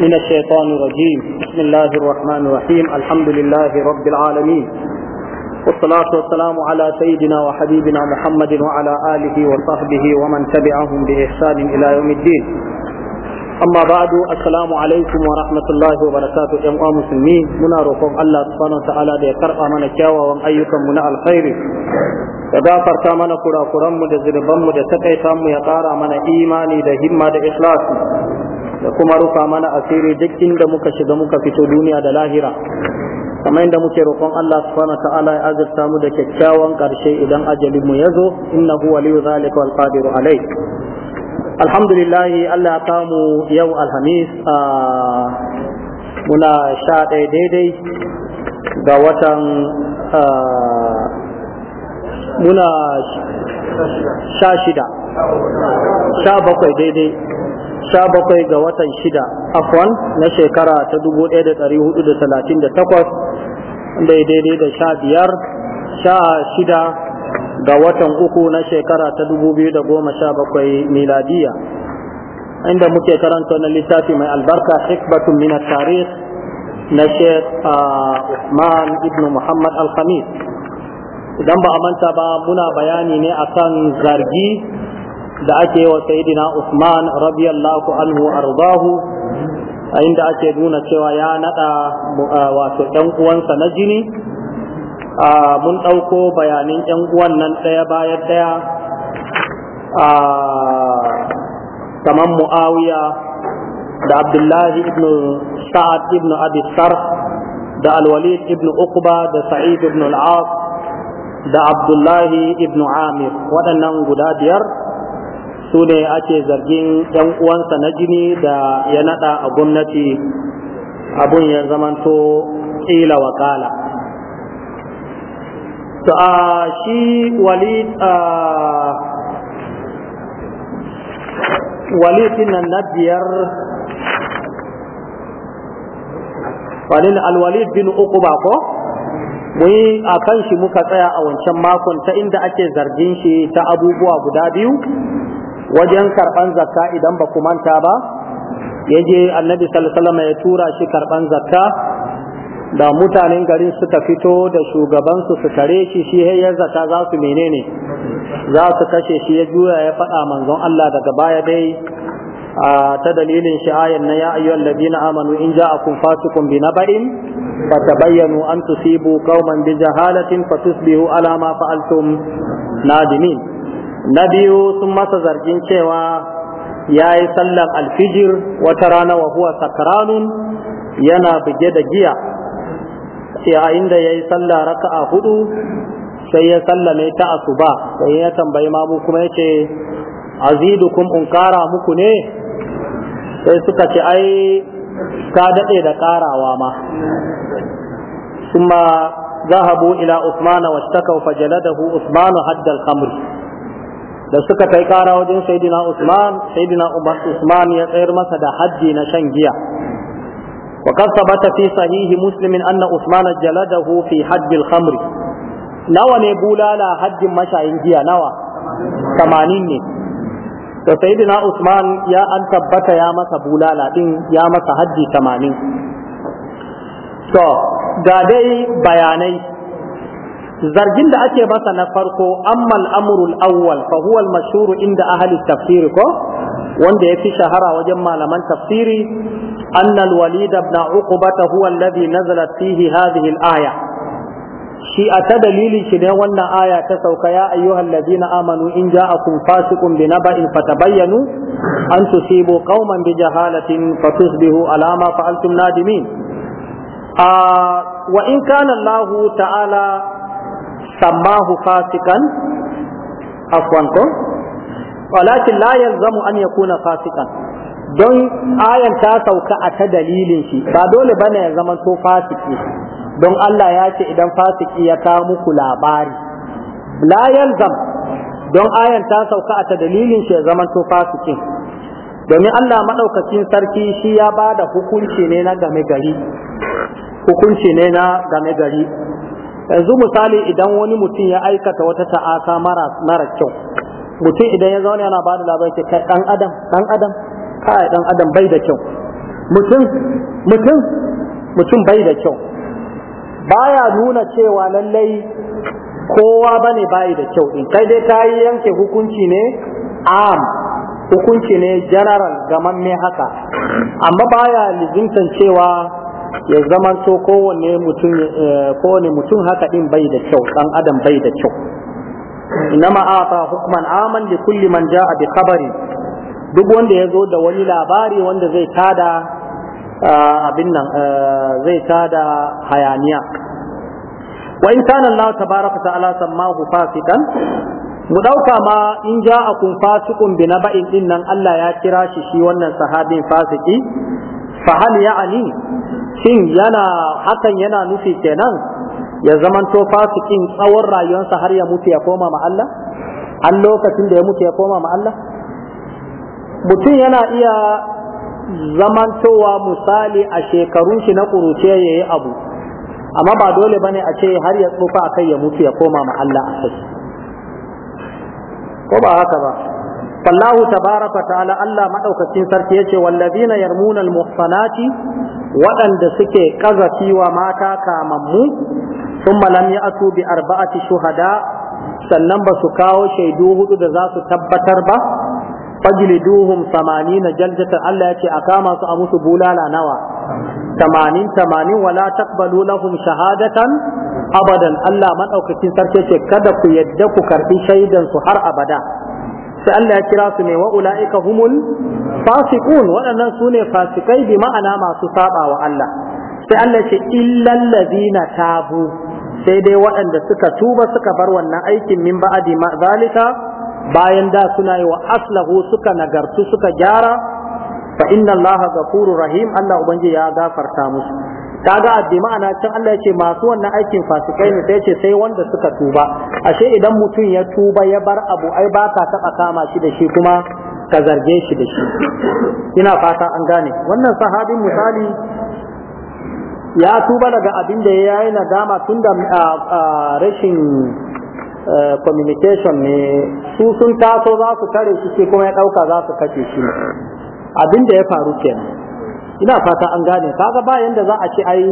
من الشيطان الرجيم بسم الله الرحمن الرحيم الحمد لله رب العالمين والصلاة والسلام على سيدنا وحبيبنا محمد وعلى آله وصحبه ومن تبعهم بإحسان إلى يوم الدين أما بعد السلام عليكم ورحمة الله وبركاته يا مسلمين منا رقم الله سبحانه وتعالى ليقرأ من كاوى وأيكم من الخير ya gafarta mana kurakuranmu da zunubanmu da takaita mu ya ƙara mana imani da himma da ikhlasi da kuma rufa mana asiri duk inda muka shiga muka fito duniya da lahira kamar yadda muke roƙon Allah subhanahu wa ta'ala ya azurta mu da kyakkyawan ƙarshe idan ajali mu yazo innahu waliyu zalika wal qadiru alai alhamdulillah Allah ya kamu yau alhamis a muna sha ɗaya daidai ga watan muna sha shida sha bakwai daidai sha bakwai ga watan shida afwan na shekara ta dubu ɗaya da ɗari hudu da talatin da takwas daidai da sha biyar sha shida ga watan uku na shekara ta dubu biyu da goma sha bakwai miladiya inda muke karanta na littafi mai albarka hikbatun minar tarih na sheikh ah, Usman ibn Muhammad al-Khamis idan ba a manta ba muna bayani ne akan zargi da ake yi wa sayidina Usman radiyallahu anhu arzahu a inda ake nuna cewa ya nada wato ɗan uwansa na jini mun ɗauko bayanin ɗan uwan nan ɗaya bayan ɗaya kamar mu'awiya da abdullahi ibn sa'ad ibn abi sarh da alwalid ibn uqba da sa'id ibn al da abdullahi ibn amir waɗannan guda biyar su ne ake zargin 'yan uwansa na jini da ya nada a gwamnati abun ya zamanto ƙila wakala to a shi walid walidin nan na biyar walin alwalid bin uku ba ko muyi a kan shi muka tsaya a wancan makon ta inda ake zargin shi ta abubuwa guda biyu wajen karban zakka idan ba ku manta ba yaje je annabi sallallahu ya tura shi karban zakka da mutanen garin suka fito da shugabansu su kare shi shi ya zata za su menene za su kashe shi ya juya ya faɗa manzon Allah daga baya dai ta dalilin shi ayan na ya ayyuhal ladina amanu in ja'akum fasiqun bi Bata fatabayyanu an tusibu qauman bi jahalatin fatusbihu ala ma fa'altum nadimin na biyu sun masa zargin cewa ya yi sallar alfijir wata rana wa huwa sakranun yana buge da giya yayin da ya yi sallar raka'a hudu sai ya sallame ta asuba sai ya tambayi mamu kuma ya ce azidukum in kara muku ne sai suka ce ai ka daɗe da karawa ma ثم ذهبوا إلى عثمان واشتكوا فجلده عثمان حد الخمر da suka kai kara wajen saidina Usman saidina Usman ya tsayar masa da haddi na shan giya wa qad sabata fi sahihi muslimin anna Usman jaladahu fi hadd al-khamr nawa ne bulala haddin mashayin giya nawa 80 ne to saidina Usman ya an tabbata ya masa bulala din ya masa haddi 80 to ga dai bayanai zargin da ake masa na farko ammal amrul awwal fa huwa al mashhur inda ahli tafsir ko wanda yafi shahara wajen malaman tafsiri anna al walid ibn uqbata huwa alladhi nazalat fihi hadhihi al aya shi a ta dalilin shi ne wannan aya ta sauka ya ayyuhal ladina amanu in ja'akum fasiqun binaba'in fatabayyanu an tusibu qauman bi jahalatin fatusbihu ala ma fa'altum nadimin ah, wa in kana Allah ta'ala sammahu fasikan afwan ko walakin la yalzamu an yakuna fasikan don ayan ta sauka a ta dalilin shi ba dole bane ya zama to fasiki don Allah ya ce idan fasiki ya ta muku labari la yalzam don ayan ta sauka a ta dalilin shi ya zama to fasikin domin Allah maɗaukacin sarki shi ya ba da hukunci ne na game gari hukunci ne na game gari yanzu misali idan wani mutum ya aikata wata ta'aka mara kyau mutum idan ya zauna yana bada labarai ce kai dan adam dan adam kai dan adam bai da kyau mutum mutum mutum bai da kyau baya nuna cewa lallai kowa bane bai da kyau din kai dai yi yanke hukunci ne am hukunci ne general gaman me haka amma baya lizintan cewa ya zamanto kowane mutum eh, kowane mutum haka din bai da kyau dan adam bai da kyau inama ata hukman aman li kulli man jaa bi khabari duk wanda ya zo da wani labari wanda zai tada eh, abin nan eh, zai tada hayaniya wa in kana Allah tabaraka ta'ala sammahu fasikan mu dauka ma in ja'akum fasiqun bi naba'in din nan Allah ya kira shi shi wannan sahabin fasiki fa ya ani shin yana hakan yana nufi kenan ya zamanto fasikin tsawon rayuwarsa har ya mutu ya koma ma Allah an lokacin da ya mutu ya koma ma Allah mutum yana iya zamantowa misali a shekarun shi na kuruce ya yi abu amma ba dole bane a ce har ya tsufa a kai ya mutu ya koma ma Allah a ko ba haka ba wallahu tabaraka ta'ala Allah Maɗaukacin sarki Wallafi na Yarmunan almuhsanati waɗanda suke kazafi wa mata kamammu thumma lam ya'tu arba'ati shuhada sannan ba su kawo shaidu hudu da za su tabbatar ba fajliduhum 80 jaljatan Allah yace a kama su a musu bulala nawa 80 80 wala taqbalu lahum shahadatan abadan Allah Maɗaukacin sarki ce, kada ku yadda ku karɓi shaidan su har abada sai Allah ya kira su ne wa ula'ika humul fasiqun waɗannan su ne fasikai bi ma'ana masu saba wa Allah sai Allah ce illal ladina tabu sai dai waɗanda suka tuba suka bar wannan aikin min ba'adi ma zalika bayan da suna yi wa aslahu suka nagartu suka gyara fa inna Allah ghafurur rahim Allah ubangiji ya gafarta musu kaga bi ma'ana can Allah ya ce masu wannan aikin fasikai ne sai ce sai wanda suka tuba ashe idan mutum ya tuba ya bar abu ai ba ka taba kama shi da shi kuma ka zarge shi da shi ina fata an gane wannan sahabin misali ya tuba daga abin da ya yi nadama tun da rashin communication ne su sun taso za su kare shi kuma ya ɗauka za su kashe shi abin da ya faru kenan ina fata an gane kaga ba yanda za a ce ai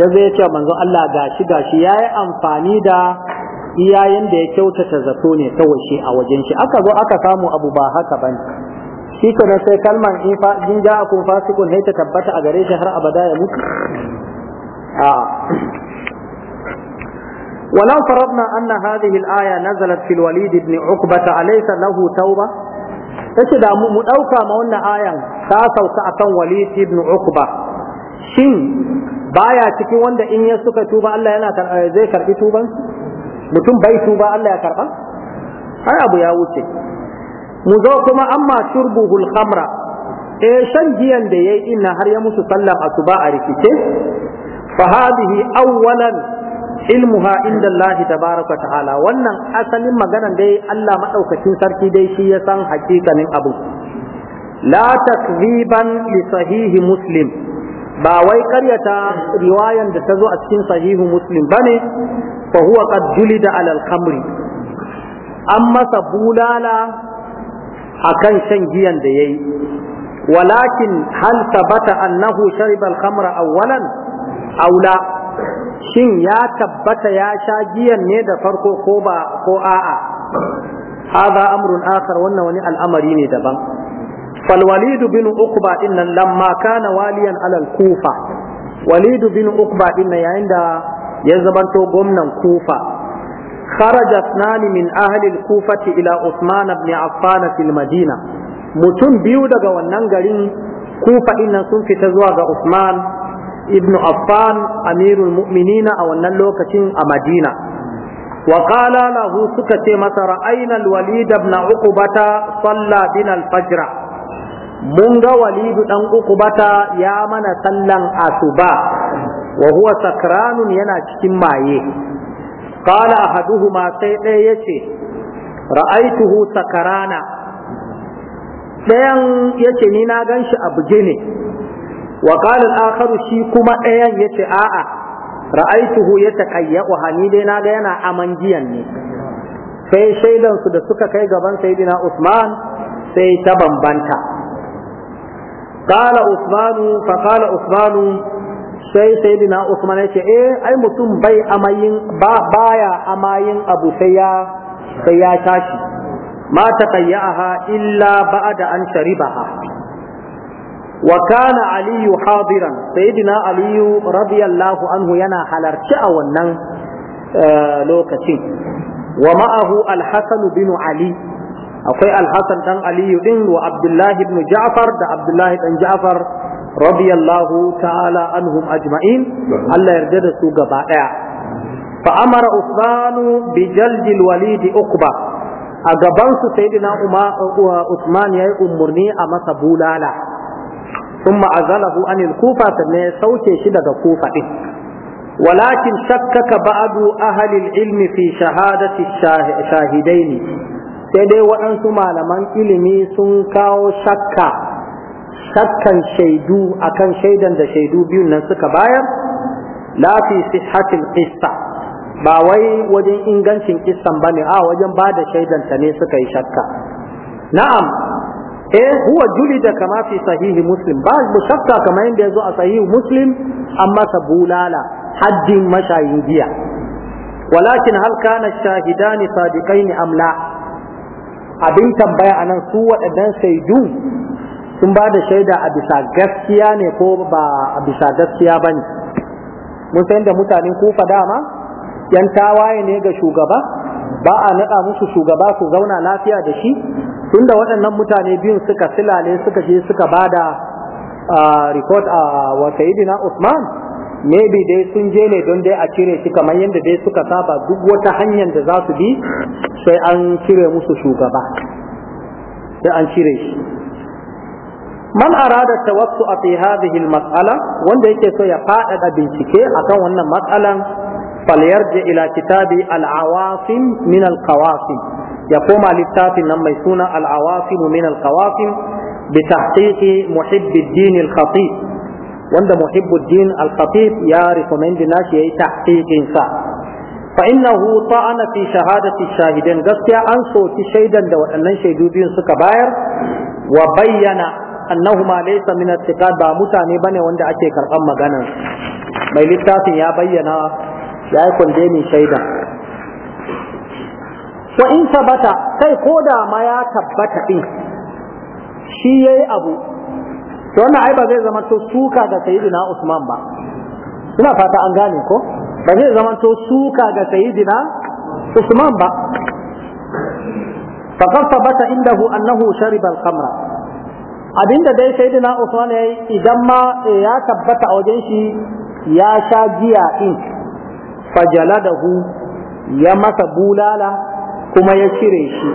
yanzu ya ce manzo Allah gashi gashi yayi amfani da iyayen da ya kyautata zato ne kawai shi a wajen shi aka zo aka samu abu ba haka bane shi kana sai kalman in fa in ja akun fasikun ta tabbata a gare shi har abada ya mutu a ولو فرضنا أن هذه الآية نزلت في الوليد بن عقبة أليس له توبة؟ yace da mu dauka ma wannan ayan ta sauka akan Walid ibn Uqba shin baya cikin wanda in ya suka tuba Allah yana eh, zai karbi tuban mutum bai tuba Allah ya karba har abu ya wuce mu zo kuma amma shurbuhul khamra eh shan giyan da yayi inna har ya musu sallam asuba a rikice fa hadhihi awwalan ilmuha inda Allah baraka ta'ala wannan asalin maganan dai Allah madaukakin sarki dai shi ya san hakikanin abu la takziban li sahihi muslim ba wai karyata riwayan da ta zo a cikin sahihu muslim bane fa huwa qad julida ala al-khamri an masa bulala akan shan giyan da yayi walakin hal tabata annahu shariba al-khamra awwalan aw la shin ya tabbata ya sha giyan ne da farko ko ba ko a'a hadha amrun akhar wannan wani al'amari ne daban fal walid bin uqba innan lamma kana waliyan alal kufa walid bin uqba innan yayin da ya zamanto gwamnan kufa خرج اثنان من kufa الكوفة ila عثمان بن عفان في madina mutum biyu daga wannan garin kufa nan sun fita zuwa ga Usman Ibnu Affan amirul mu'minina a wannan lokacin a Madina wa qala lahu suka ce masa ra'ayna al-walid ibn uqbata salla bina al-fajr mun ga walid dan uqbata ya mana sallan asuba wa huwa sakranun yana cikin maye qala ahaduhuma sai ɗaya yace ra'aituhu sakrana. ɗayan yace ni na ganshi a ne wa qala al shi kuma ɗayan yace a'a ra'aituhu yataqayyaqu hani dai ga yana amangiyan ne sai shaidan su da suka kai gaban sayyidina Usman sai ta bambanta qala Usmanu fa qala Usmanu sai sayyidina Usman yace eh ai mutum bai amayin ba baya amayin abu sai ya sai ya tashi ma taqayyaha illa ba'da an sharibaha wa kana aliyu hadiran sayyidina aliyu radiyallahu anhu yana halarci a wannan lokacin wa ma'ahu al bin ali akwai al ɗan aliyu ɗin, wa abdullahi ibn ja'far da abdullahi dan ja'far radiyallahu ta'ala anhum ajma'in Allah yarda da su gaba daya fa amara usmanu bi jaldil walid uqba a gabansu su sayyidina usman yayi umurni a masa bulala ثم أزله عن الكوفة سوكي شدة كوفة ولكن شكك بعض أهل العلم في شهادة ne. sai dai waɗansu malaman ilimi sun kawo shakka shakkan shaidu akan shaidan da shaidu biyun nan suka bayar la fi sihhatil ba wai wajen ingancin kissan bane a wajen ba da shaidan ta ne suka yi shakka na'am eh huwa julida kama fi sahihi muslim ba mu shakka kama yadda yazo a sahihi muslim amma sabulala haddin mashayin walakin hal kana shahidani sadiqaini am la abin tambaya anan su waɗannan shaidu sun ba da shaida a bisa gaskiya ne ko ba a bisa gaskiya bane mun san da mutanen kufa dama yan tawaye ne ga shugaba ba a naɗa musu shugaba su zauna lafiya da shi tunda waɗannan mutane biyun suka silale suka je suka bada report a wa Usman maybe dai sun je ne don dai a cire shi kamar yadda dai suka saba duk wata hanyar da za su bi sai an cire musu shugaba sai an cire shi man arada tawassu a fi hadhihi mas'ala wanda yake so ya faɗaɗa bincike akan wannan matsalan falyarji ila kitabi al-awasim min al-qawasim ya koma littafin nan mai suna al'awasim min al-qawasim bi tahqiqi muhibbiddin al-khatib wanda muhibbuddin al-khatib ya recommend nashi yayi tahqiqin sa fa innahu ta'ana fi shahadati shahidan gaskiya an soki shaidan da waɗannan shaidu biyun suka bayar wa bayyana annahuma laysa min i'tiqad ba mutane bane wanda ake karban maganar mai littafin ya bayyana ya yi kunde shaidan. shaida wa in sabata kai ko da ma ya tabbata din shi yayi abu to wannan ai ba zai zama to suka ga sayyidina Usman ba ina fata an gane ko ba zai zama to suka ga sayyidina Usman ba faqad sabata indahu annahu shariba al-khamra abinda dai sayyidina Usman yayi idan ma eh, ya tabbata a wajen shi ya sha giya din fajaladahu ya masa bulala kuma ya cire shi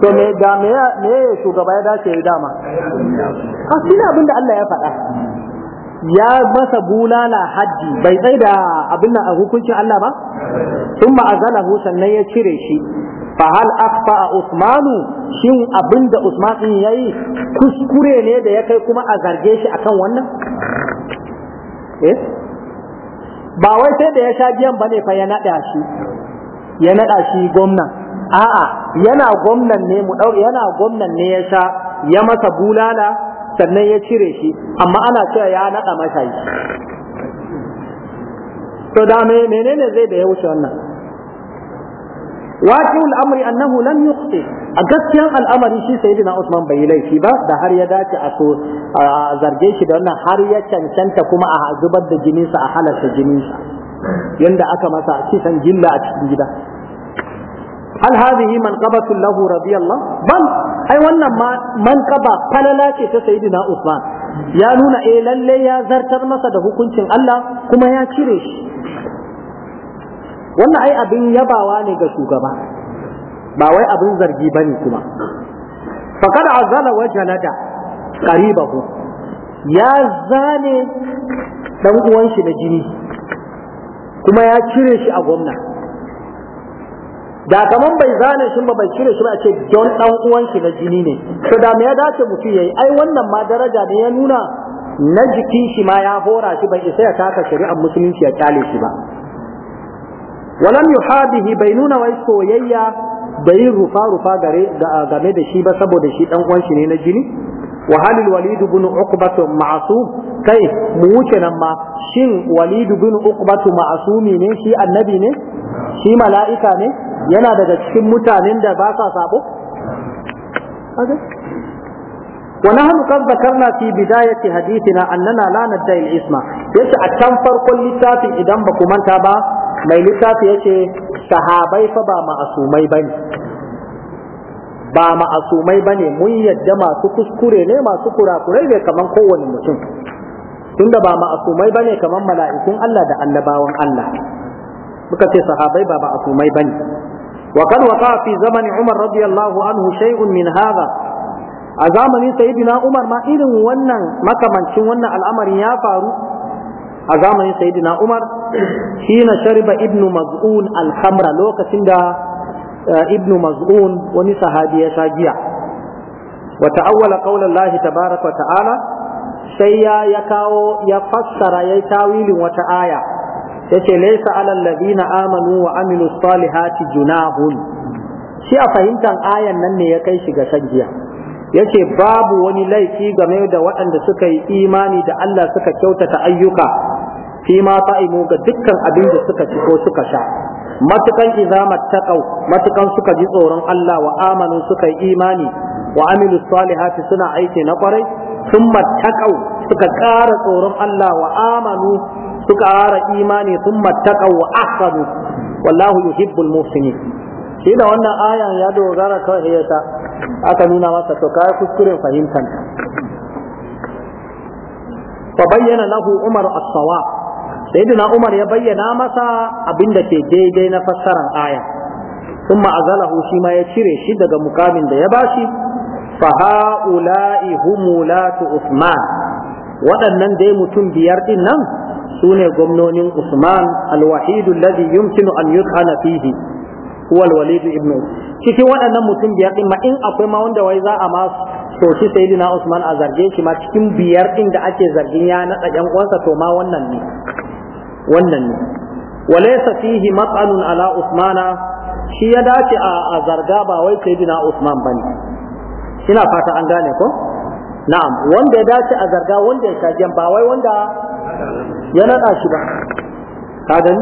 to me ga me ya shugaba ya dace ya dama a cikin abin da Allah ya faɗa ya masa bulala haddi bai tsai da abin nan a hukuncin Allah ba sun ma'azalahu sannan ya cire shi fa hal akfa usmanu shin abin da usman ya yayi kuskure ne da ya kai kuma a zarge shi akan wannan eh? ba wai sai da ya sha biyan ne fa ya naɗa shi ya nada shi gwamnati a'a yana gwamnan ne mu dau yana gwamnan ne ya sha ya masa bulala sannan ya cire shi amma ana cewa ya nada masa shi. to da me menene zai da ya wuce wannan waqi'u al-amri annahu lam yukhti a gaskiyan al'amari shi sayyidina Usman bai laifi ba da har ya dace a so a zarge shi da wannan har ya cancanta kuma a zubar da jininsa a halarta jininsa yanda aka masa a cikin gilla a cikin gida hal hadhihi manqabatu lahu radiyallahu bal ai wannan ma manqaba falala ce ta sayyidina Usman ya nuna e lallai ya zartar masa da hukuncin Allah kuma ya cire shi wannan ai abin yabawa ne ga shugaba ba wai abin zargi bane kuma faqad azala wajalada qaribahu ya zane dan uwanshi shi da jini kuma ya cire shi a gwamna. da kaman bai zane shi ba bai cire shi ba ce don dan uwan shi na jini ne to da me ya dace mutum yayi ai wannan ma daraja ne ya nuna na jikin shi ma ya hora shi bai isa ya taka shari'ar musulunci ya kyale shi ba walam yuhabihi bai nuna wai soyayya bai rufa rufa gare game da shi ba saboda shi dan uwan shi ne na jini wa halil walid ibn uqbatu ma'sum kai mu wuce nan ma shin walid ibn uqbatu ma'sumi ne shi annabi ne shi mala'ika ne yana daga cikin mutanen da ba sa sabo? wani hannu kan zakarna fi bidayati hadithina annana lana da isma ce a can farkon littafi idan ba ku manta ba mai littafi yace sahabai fa ba ma'asumai bane ba ma'asumai ne mun yadda masu kuskure ne masu kurakurai ne kamar kowane mutum tunda ba ma'asumai bane kamar mala'ikun Allah da annabawan Allah muka ce sahabai ba sumai bane wa kan waqa fi zaman Umar radiyallahu anhu shay'un min hadha a zamanin sayyidina Umar ma irin wannan makamancin wannan al'amarin ya faru a zamanin sayyidina Umar shine shariba ibnu maz'un al-khamra lokacin da eh, ibnu maz'un wani sahabi ya sha giya wa ta'awwala qaulallahi tabaaraka wa ta'ala sai ya kawo ya fassara yayi tawilin wata aya yace laysa alal ladina amanu wa amilu salihati junahun shi a fahimtar ayan nan ne ya kai shi ga sanjiya yace babu wani laifi game da waɗanda suka yi imani da Allah suka kyautata ayyuka fi ma ta'imu ga dukkan abin da suka ci ko suka sha matukan idza mattaqau matukan suka ji tsoron Allah wa amanu suka yi imani wa amilu salihati suna aiki na kwarai sun mattaqau suka ƙara tsoron Allah wa amanu suka ƙara imani sun mattaƙa wa ahsanu wallahu yuhibbul muhsinin shi da wannan ayan ya dogara kawai ya ta aka nuna masa to kai kuskuren fahimtar fa bayyana lahu umar as sayyidina umar ya bayyana masa abinda ke daidai na fassarar aya cire shi daga mukamin da ya bashi. فهؤلاء هم ولاة Usman. waɗannan dai mutum biyar ɗinnan. nan sune gwamnonin Usman Alwahidu wahid alladhi yumkinu an yut'ana fihi huwa al ibn umm. cikin waɗannan mutum biyar din ma in akwai ma wanda wai za a ma to shi sayyidina Usman a zarge shi ma cikin biyar din da ake zargin ya nada yan uwansa to ma wannan ne wannan ne walaysa fihi mat'alun ala Usmana shi ya dace a zarga ba wai sayyidina Usman bane ina fata an gane ko na'am wanda ya dace a zarga wanda ya shagen ba wai wanda ya naɗa shi ba kadan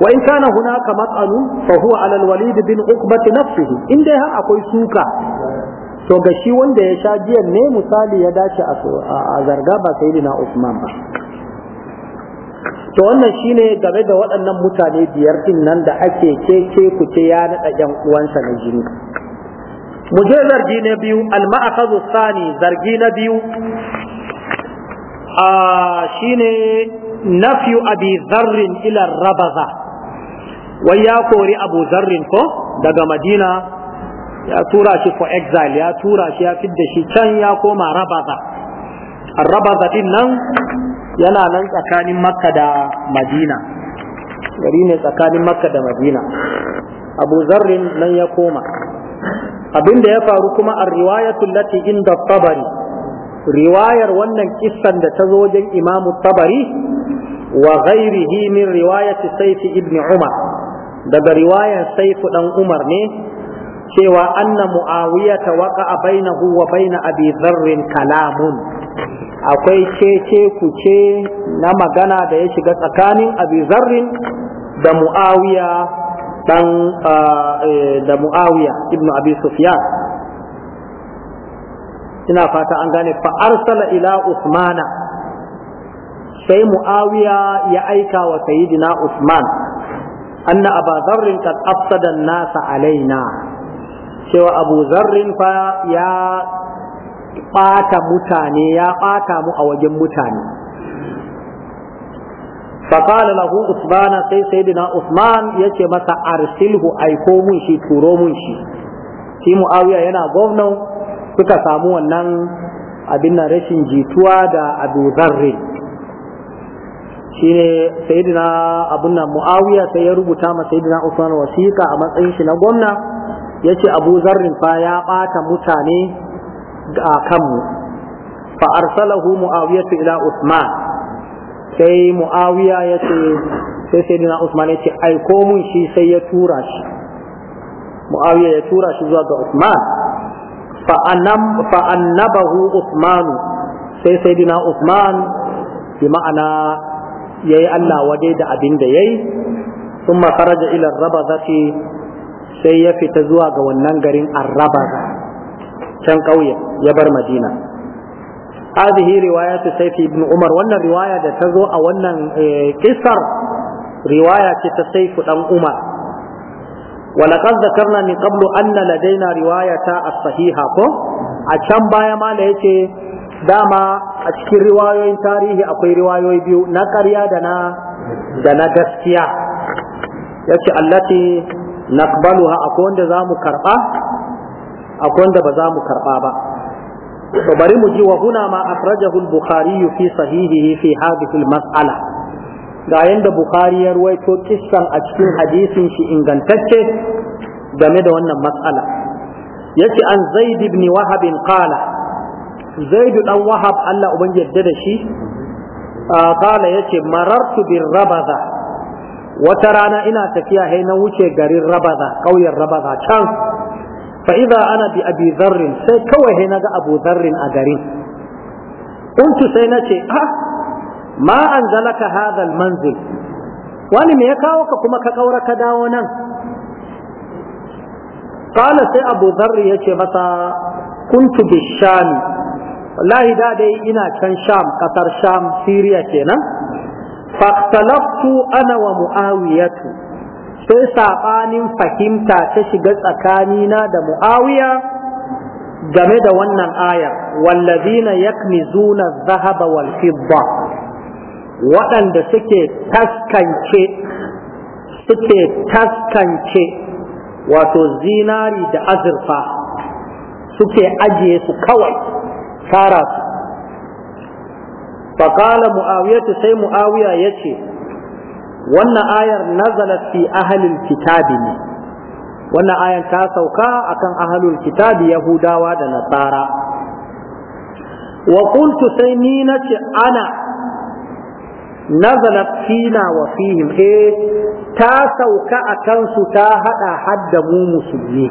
wa in kana hunaka mat'anun fa huwa ala al bin uqbati nafsihi in dai har akwai suka to ga shi wanda ya sha jiyan ne misali ya dace a zarga ba sai na Usman ba to wannan shine game da waɗannan mutane biyar din nan da ake keke ku ce ya naɗa ƴan uwansa na jini mu je zargi na biyu al-ma'akhadhu sani zargi na biyu a shine nafyu abi zarrin ila rabaza wai ya kori abu zarrin ko daga madina ya tura shi for exile ya tura shi ya fidda shi can ya koma rabaza rabaza ɗin nan yana nan tsakanin makka da madina gari ne tsakanin makka da madina abu zarrin nan ya koma abinda ya faru kuma a riwayatul in inda tabari riwayar wannan kissan da ta zo wajen Imam Tabari wa ghairihi min riwayati Sayf ibn Umar daga riwayar Sayf dan Umar ne cewa anna Muawiya waqa'a bainahu wa bain Abi Dharr kalamun akwai cece ce na magana da ya shiga tsakanin Abi Dharr da Muawiya dan ah, eh, da Muawiya ibn Abi Sufyan ina fata an gane fa arsala ila usmana sai muawiya ya aika wa sayyidina usman anna aba zarrin kad afsada nasa alaina cewa abu zarrin fa ya bata mutane ya bata mu a wajen mutane فقال له عثمان سي سيدنا عثمان يتي مسا أرسله أيكو turo mun shi, في معاوية ينا غوفنو suka samu wannan abin nan rashin jituwa da abu zarri shine sayyidina abun nan muawiya sai ya rubuta ma sayyidina usman wasiqa a matsayin shi na gwamna yace abu zarrin fa ya bata mutane ga kanmu fa arsalahu muawiya ila usman sai muawiya yace sai sayyidina usman yace aiko mun shi sai ya tura shi muawiya ya tura shi zuwa ga usman bahu Usmanu sai sai dina Usman bi ma'ana ya yi Allah waje da abinda da ya yi sun makaraja ilar raba zafi sai ya fita zuwa ga wannan garin arraba can ƙauye ya bar madina hadhihi riwayatu sayfi ibn umar wannan riwaya da ta zo a wannan eh, kisar riwaya ce ta sayfu dan umar ولقد ذكرنا من قبل na لدينا رواية ta a sahiha ko? A can baya ma da yake dama a cikin riwayoyin tarihi akwai riwayoyi biyu na karya da na da na gaskiya ya ce allafi na balu ha akwai wanda za mu karɓa akwai wanda ba za mu karɓa ba to bari mu ji wa huna ma akrajahul Bukhariyu fi sahihi sahihihi fi hadithul mas'ala ga da bukhari ya ruwaito kisan a cikin hadisin shi ingantacce game da wannan matsala yace an zaid ibn wahab qala zaid dan wahab Allah uban yadda da shi qala yace marartu bin rabaza wata rana ina tafiya hai na wuce garin rabaza kauyen rabaza can fa ana bi abi dharr sai kawai hai naga abu dharr a garin kuntu sai nace ah ma ka hadal almanzil wani me ya kawo ka kuma ka kaura ka dawo nan kala sai abu dharr yace masa kuntu bisham wallahi da dai ina can sham kasar sham siriya kenan faktalaftu ana wa muawiyatu sai sabanin fahimta ta shiga tsakanina da muawiya game da wannan ayar wallazina yakmizuna adh-dhahaba wal fidda waɗanda suke taskance suke taskance wato zinari da azurfa suke ajiye su kawai tara su faƙala mu'awiyatu sai mu'awiya ya ce wannan ayar nazalat fi ahalin kitabi ne wannan ayar ta sauka a akan ahalin kitabi yahudawa da nasara wa kuntu sai ni nace ana nazalat fina wa fihim E, ta sauka a kansu ta hada hadda mu musulmi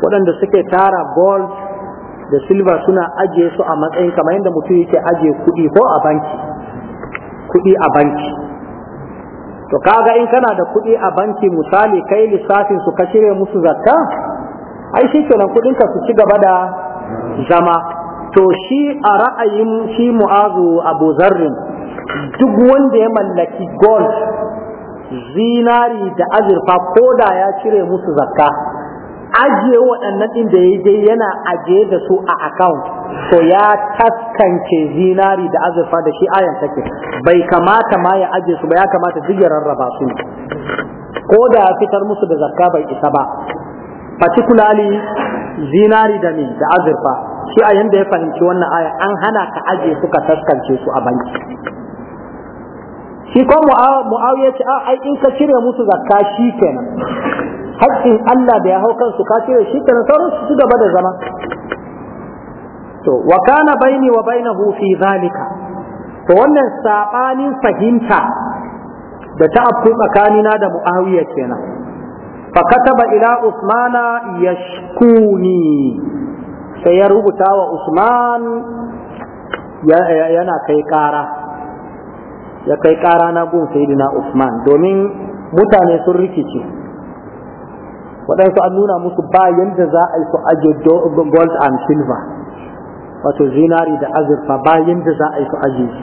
waɗanda suke tara gold da silver suna ajiye su a matsayin kamar yadda mutum yake ajiye kuɗi ko a banki kuɗi a banki to kaga in kana da kuɗi a banki misali kai lissafin su ka shirya musu zakka ai shi kenan kuɗinka su ci gaba da zama to shi a ra'ayin shi mu'azu abu zarrin duk wanda ya mallaki gold zinari da azurfa ko da ya cire musu zakka ajiye waɗannan ɗin da ya je yana ajiye da su a account to ya taskance zinari da azurfa da shi ayan take bai kamata ma ya ajiye su ba ya kamata duk ya rarraba su ko da ya fitar musu da zakka bai isa ba particularly zinari da ne da azurfa shi a yanda ya fahimci wannan aya an hana ka aje suka taskance su a banki shi ko ya ce ah, ai in ka cire musu zakka shi kenan haƙƙin Allah da ya hau kansu ka cire shi kenan sauran su gaba da zama to wa kana baini wa bainahu fi zalika to wannan saɓanin fahimta da ta afku tsakanina da mu'awiya kenan فكتب إلى عثمان يشكوني سيربط وعثمان yana kai ƙara ya kai ƙara na gun sayidina Usman domin mutane sun rikice waɗansu an nuna musu ba yadda za a yi su aje gold and silver wato zinari da azurfa ba yadda za a yi su ajiye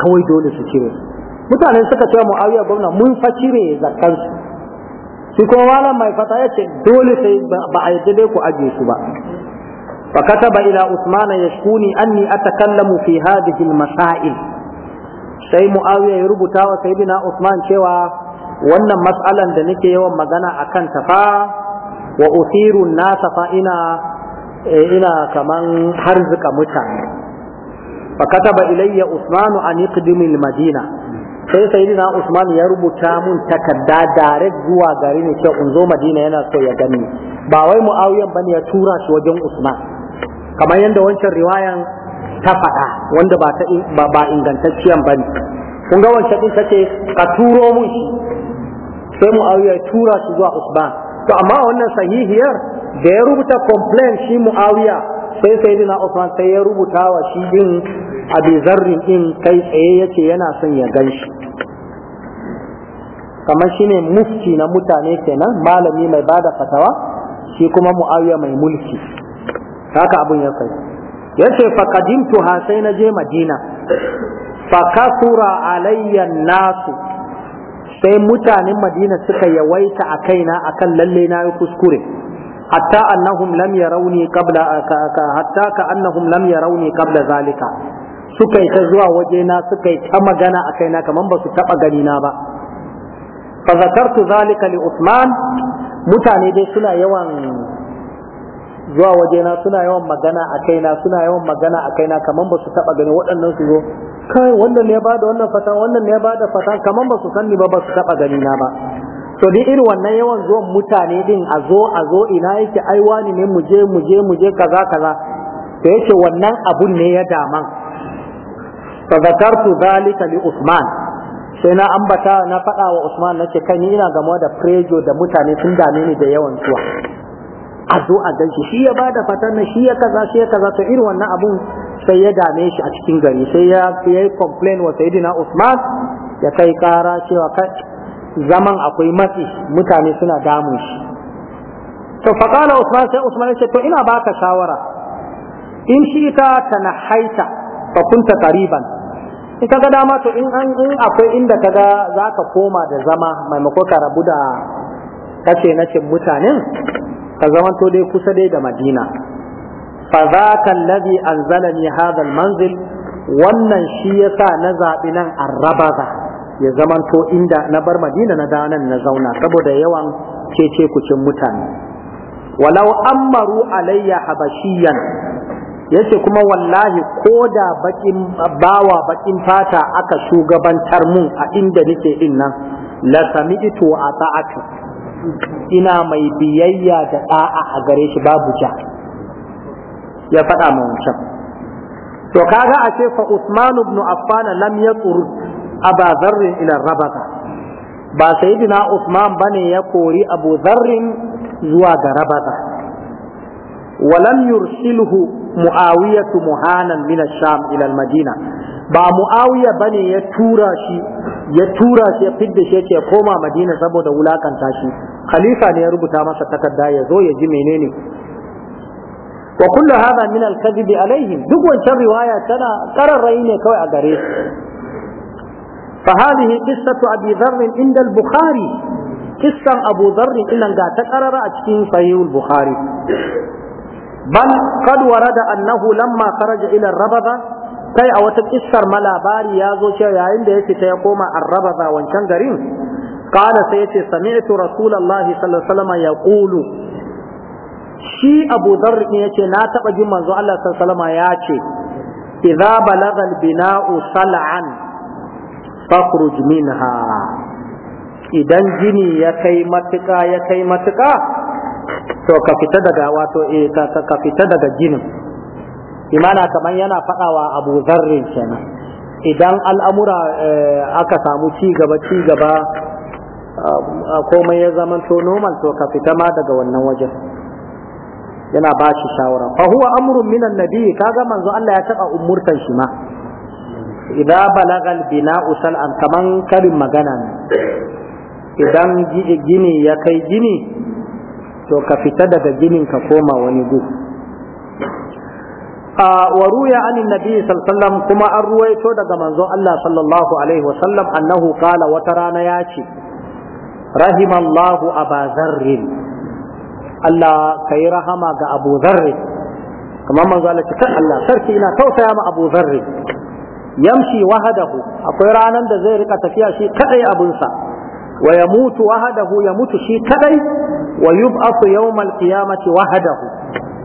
kawai dole su cire mutane suka ce mu'awiya gwamna mun fa cire zakansu shi kuma malam mai fata ya ce dole sai ba a yadda dai ku ajiye shi ba fa kataba ila usman yashkuni anni atakallamu fi hadhihi almasail sai muawiya ya rubuta wa sayyidina usman cewa wannan mas'alan da nake yawan magana akan ta fa wa nasa fa ina eh, ina kaman harzuka mutane fa kataba ilayya usman an iqdimi almadina madina sai sai dina Usman ya rubuta mun takarda direct zuwa gari ne ce in zo Madina yana so ya gani ba wai Muawiyan bane ya tura shi wajen Usman kamar yadda wancan riwayan ta faɗa wanda ba ta ba ingantacciyan bane kun ga wancan din take ka turo mun shi sai Muawiya ya tura shi zuwa Usman to amma wannan sahihiyar da ya rubuta complaint shi Muawiya sai saidina Usman sai ya rubuta wa shi din Abi Zarri din kai tsaye yace yana son ya ganshi kamar shine mufti na mutane kenan malami mai bada fatawa shi kuma Muawiya mai mulki haka abun ya kai yace kadimtu ha sai na je Madina kasura alayya nasu sai mutanen madina suka yawaita a kaina akan lalle na yi kuskure hatta annahum lam yarawni qabla hatta ka annahum lam yi ta zuwa wajena suka yi ta magana a kaina kaman ba su taba gani na ba Usman mutane dai suna yawan zuwa wajena suna yawan magana a kaina suna yawan magana a kaina kaman ba su taba gani waɗannan su zo kai wannan ne ya bada wannan fata wannan ne ya bada fata kaman ba su sanni ba ba su taɓa gani na ba to ni irin wannan yawan zuwan mutane din a zo a zo ina yake ai wani ne mu je mu kaza kaza to yake wannan abun ne ya daman fa zakartu zalika li usman sai na ambata na fada wa usman nace kai ni ina gamuwa da prejo da mutane sun dame ni da yawan zuwa a zo a ganshi shi ya bada fatan na, shi ya kaza shi ya kaza to irin wannan abun sai ya dame shi a cikin gari sai ya yi complain wa sayyidina usman ya kai kara cewa kai zaman akwai matsi mutane suna damun shi to faƙala usman sai usman ya ce to ina baka shawara in shi ita ta na haita fa kunta qariban in kaga dama to in an in akwai inda kaga zaka koma da zama maimako ka rabu da kace nace mutanen ka to dai kusa dai da madina fa zaka allazi anzalani hadha almanzil wannan shi yasa na zabi nan arrabaza ya zaman to inda na bar madina na danan na zauna saboda yawan cece kucin mutane walau ammaru alayya habashiyan yace kuma wallahi ko da bakin bawa bakin fata aka shugabantar mu a inda nake din nan la sami'tu a ta'atu ina mai biyayya da da'a a gare shi babu ja ya faɗa mun wancan to kaga a ce fa Usman ibn Affan lam yaqur aba zarrin ila rabata ba Saidina usman bane ya kori abu zarrin zuwa ga rabata walam yursilhu muawiyatu muhanan min sham ila madina ba muawiya bane ya tura shi ya tura shi ya fidda shi koma madina saboda wulakanta shi khalifa ne ya rubuta masa takarda ya zo ya ji menene wa kullu hadha min al-kadhib alaihim duk wancan riwaya tana kararrai ne kawai a gare su فهذه قصة أبي ذر عند البخاري قصة أبو ذر إلا قد تقرر أجتين صحيح البخاري بل قد ورد أنه لما خرج إلى الربضة kai a wata kissar malabari ya zo cewa yayin da ya fita ya koma arrabaza wancan garin kala sai ya ce sami'tu rasulullahi sallallahu alaihi wasallam yaqulu shi Abu Dharr yace na taɓa jin manzo Allah ya ce idza balagal bina'u sal'an fakhruj منها idan jini ya kai matuka ya kai matuka to ka fita daga wato eh ka fita daga jinin imana kamar yana faɗawa abu zarrin kenan idan al'amura eh, aka samu ci gaba ci gaba ah, komai ya zama to normal to ka fita ma daga wannan wajen yana ba shi shawara fa huwa amrun minan nabi kaga manzo Allah ya taɓa umurtan shi ma idan balagal bina usal an kaman karin magana ne idan gini ya kai gini to ka fita daga ginin ka koma wani gu a waruya an nabi sallallahu kuma an ruwaito daga manzon Allah sallallahu alaihi wasallam annahu qala wata rana ya ce rahimallahu aba zarrin Allah Ka yi rahama ga abu zarri kamar manzo Allah ce kan Allah sarki ina tausaya ma abu zarri yamshi wahadahu akwai ranan da zai rika tafiya shi kadai abunsa wa yamutu wahadahu ya mutu shi kadai wa yub'athu yawmal qiyamati wahadahu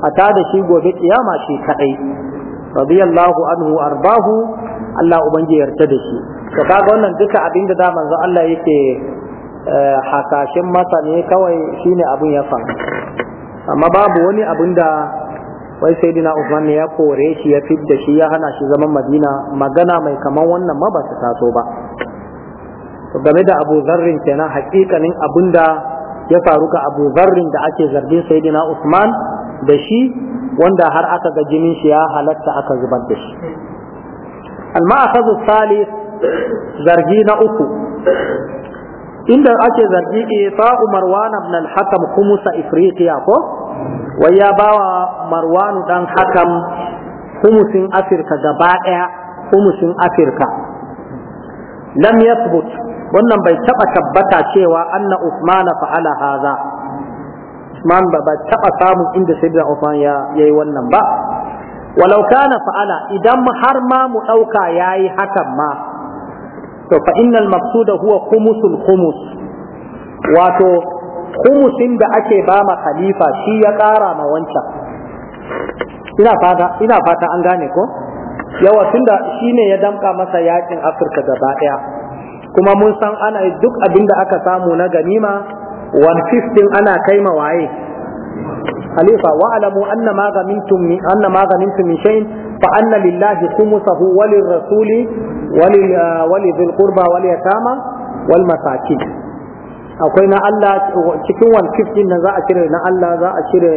ata da shi gobe kiyama shi kadai radiyallahu anhu arbahu Allah ubangi yarda da shi to kaga wannan duka abinda da manzo Allah yake eh, hakashin masa ne kawai shine abun ya faru amma babu wani abin da wai sai dina Usman ne ya kore shi ya fidda shi ya hana shi zaman Madina magana mai kaman wannan ma ba su taso ba game da Abu Zarrin kenan hakikanin abinda ya faru ka Abu Zarrin da ake zargin Sayyidina Usman da shi wanda har aka ga jinin shi ya halatta aka zubar da shi al-ma'akhadhu thalith zargi na uku inda ake zargi ifa'u Marwan ibn al-Hakam khumusa Ifriqiya ko wai ya bawa marwanu dan hakan humusin afirka gaba daya humusin afirka lam yathbut wannan bai taba tabbata cewa anna usmana fa'ala haza usman ba ba taba samun inda sayyidina usman ya yayi wannan ba walau kana fa'ala idan har ma mu dauka yayi hakan ma to fa innal maqsuda huwa khumusul khumus wato humusin da ake ba ma khalifa shi ya ƙara ma wancan ina fata ina fata an gane ko yawa tunda shi ne ya damka masa yakin afirka gaba ɗaya kuma mun san ana duk abin da aka samu na ganima 115 ana kai ma waye khalifa wa alamu anna ma ghanimtum min anna ma ghanimtum min shay'in fa anna lillahi khumsahu wa lirrasuli wa lil ah, qurba wal yatama wal masakin akwai na Allah cikin kifin nan za a cire na Allah za a cire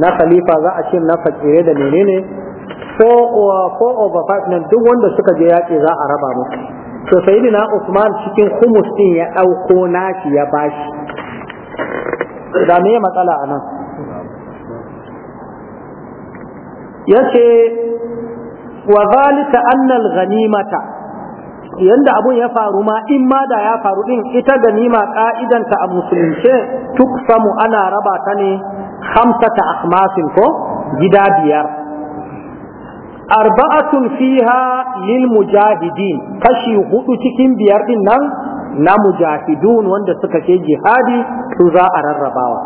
na khalifa za a cire na fakire da menene ko uh, over five nan duk wanda suka je yaƙi za a raba mu. to sayyidina Usman cikin humus din ya dauko nashi ya bashi da me matsala anan yace wa zalika anna al-ghanimata yanda abun ya faru ma in ma da ya faru din ita ganima ka'idanta a musulunce tukfamu ana raba ta ne hamsata akhmasin ko gida biyar arba'atun fiha lil mujahidin kashi hudu cikin biyar din nan na mujahidun wanda suka ce jihadi su za a rarrabawa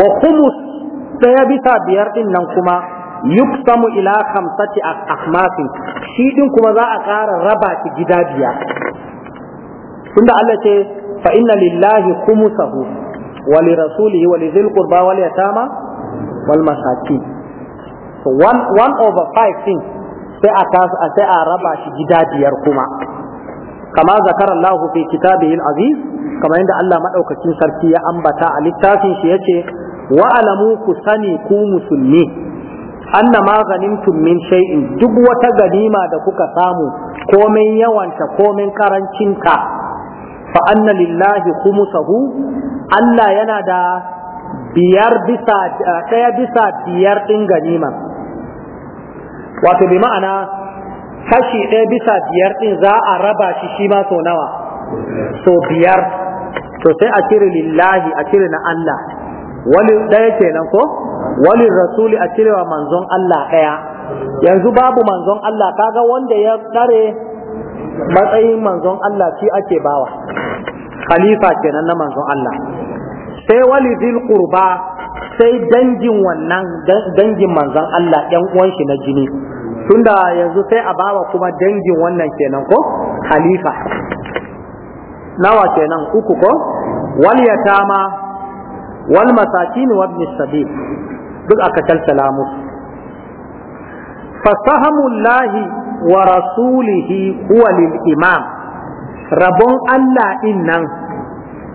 wa khumus daya bisa biyar din nan kuma yuksamu ila khamsati akhmasin shi din kuma za a ƙara raba ki gida biyar tunda Allah ce fa inna lillahi khumsahu wa li rasulihi wa li dhil qurba wal yatama wal masakin so one one over five thing sai a sai a raba shi gida biyar kuma kama zakar Allah fi kitabihi al-aziz kama inda Allah madaukakin sarki ya ambata a littafin shi yace wa alamu ku sani ku musulmi anna ma ghanimtum min shay'in duk wata ganima da kuka samu komai yawanta komai karancinta fa anna lillahi khumsahu Allah yana da biyar bisa daya bisa biyar din ganima wato bi ma'ana kashi ɗaya bisa biyar din za a raba shi shi ma so nawa so biyar to sai a cire lillahi a cire na Allah wali ɗaya kenan ko wali rasuli a cirewa manzon Allah daya yanzu babu manzon Allah kaga wanda ya tsare matsayin manzon Allah shi ake bawa khalifa kenan na manzon Allah sai wali zil qurba sai dangin wannan dangin manzon Allah ɗan uwan shi na jini tunda yanzu sai a bawa kuma dangin wannan kenan ko khalifa nawa kenan uku ko wali yatama wal masakin wa ibn duk aka taltala Fasaha mullahi wa rasulihi huwa lil imam rabon Allah din nan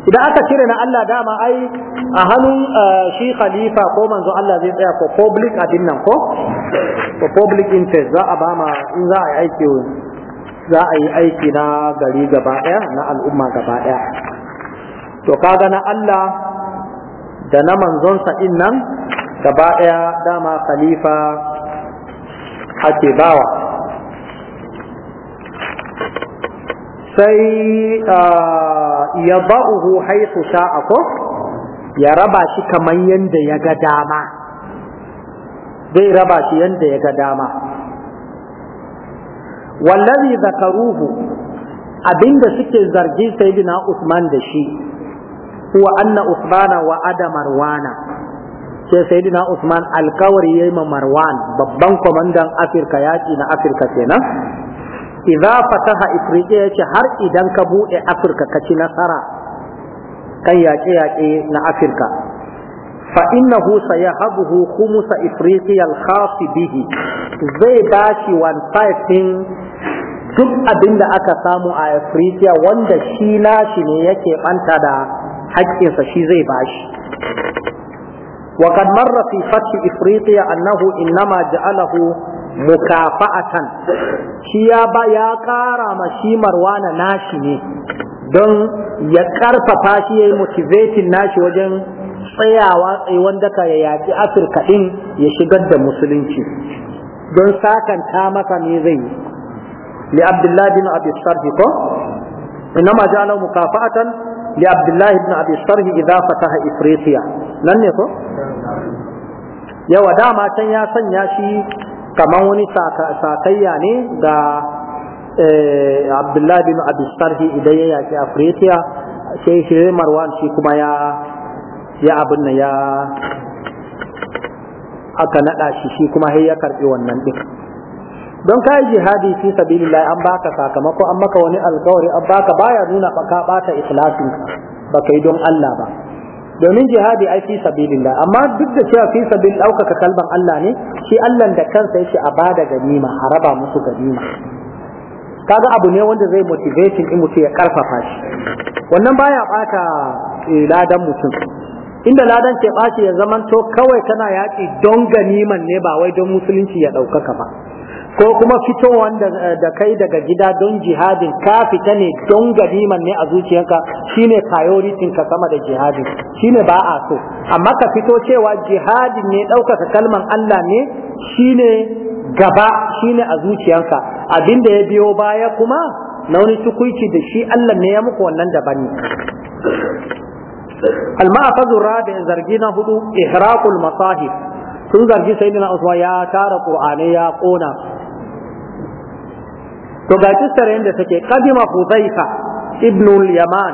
idan aka cire na Allah dama ai a hannun eh, shi khalifa ko manzo Allah zai tsaya ko public abin nan ko ko public interest za a ba in za a yi aiki za a yi aiki na gari gaba na al'umma gabaɗaya. daya to kaga na Allah da na manzonsa din nan gaba ɗaya dama khalifa ake bawa sai ya ba'uhu haitu sha'a ko ya raba shi kamar yadda ya ga dama zai raba shi yadda ya ga dama wallazi zakaruhu abinda suke zargi sai Usman da shi huwa anna usmana wa ada marwana sai sayyidina usman alkawari yayi ma marwan babban kwamandan afirka yaki na afirka kenan idza fataha ifriqiya yace har idan ka bude afirka ka ci nasara kan yaƙe yaƙe na afirka fa innahu sayahabuhu khumus ifriqiya alkhas bihi zai dashi one five din duk abinda aka samu a afirka wanda shi nashi ne yake banta da haƙƙinsa shi zai bashi وقد مر في فتح إفريقيا أنه إنما جعله مكافأة شيابا يا كارا مشي مروان ناشني don ya ƙarfafa shi ya yi motivating nashi wajen tsayawa tsaiwan daka ya yaƙi afirka ɗin ya shigar da musulunci don sakanta masa ne zai yi li abdullahi bin abi sarfi inna ma ja'ala mukafa'atan li abdullah ibn abi sarh idza fataha ifritiya nan ne ko yawa dama can ya sanya shi kamar wani sakayya ne ga eh, abdullah ibn abi sarh idan ya yaki afritiya sai shi marwan shi kuma ya ya abin ya aka nada shi shi kuma har ya karbi wannan din don kai jihadi fi sabilillah an baka sakamako an maka wani alƙawari an baka baya nuna baka bata ikhlasin ba kai don Allah ba domin jihadi ai fi sabilillah amma duk da cewa fi sabil ɗaukaka kalban Allah ne shi Allah da kansa yake a bada ganima a raba musu ganima kaga abu ne wanda zai motivating in mutum ya karfafa shi wannan baya bata eh, ladan mutum inda ladan ke bashi ya zaman kawai kana yaki don ganiman ne ba wai don musulunci ya ɗaukaka ba ko kuma fitowa da kai daga gida don jihadin ka fita ne don ganiman ne a zuciyarka shine priority ka sama da jihadin shine ba a so amma ka fito cewa jihadin ne ɗaukaka kalman Allah ne shine gaba shine a zuciyarka abinda ya biyo baya kuma na wani tukuici da shi Allah ne ya muku wannan daban ne المأخذ الرابع زرجينا هدو إحراق المصاحف sun zargi sai na usman ya tara ne ya ƙona. to ga tsare inda take kadima huzaifa ibnu al yaman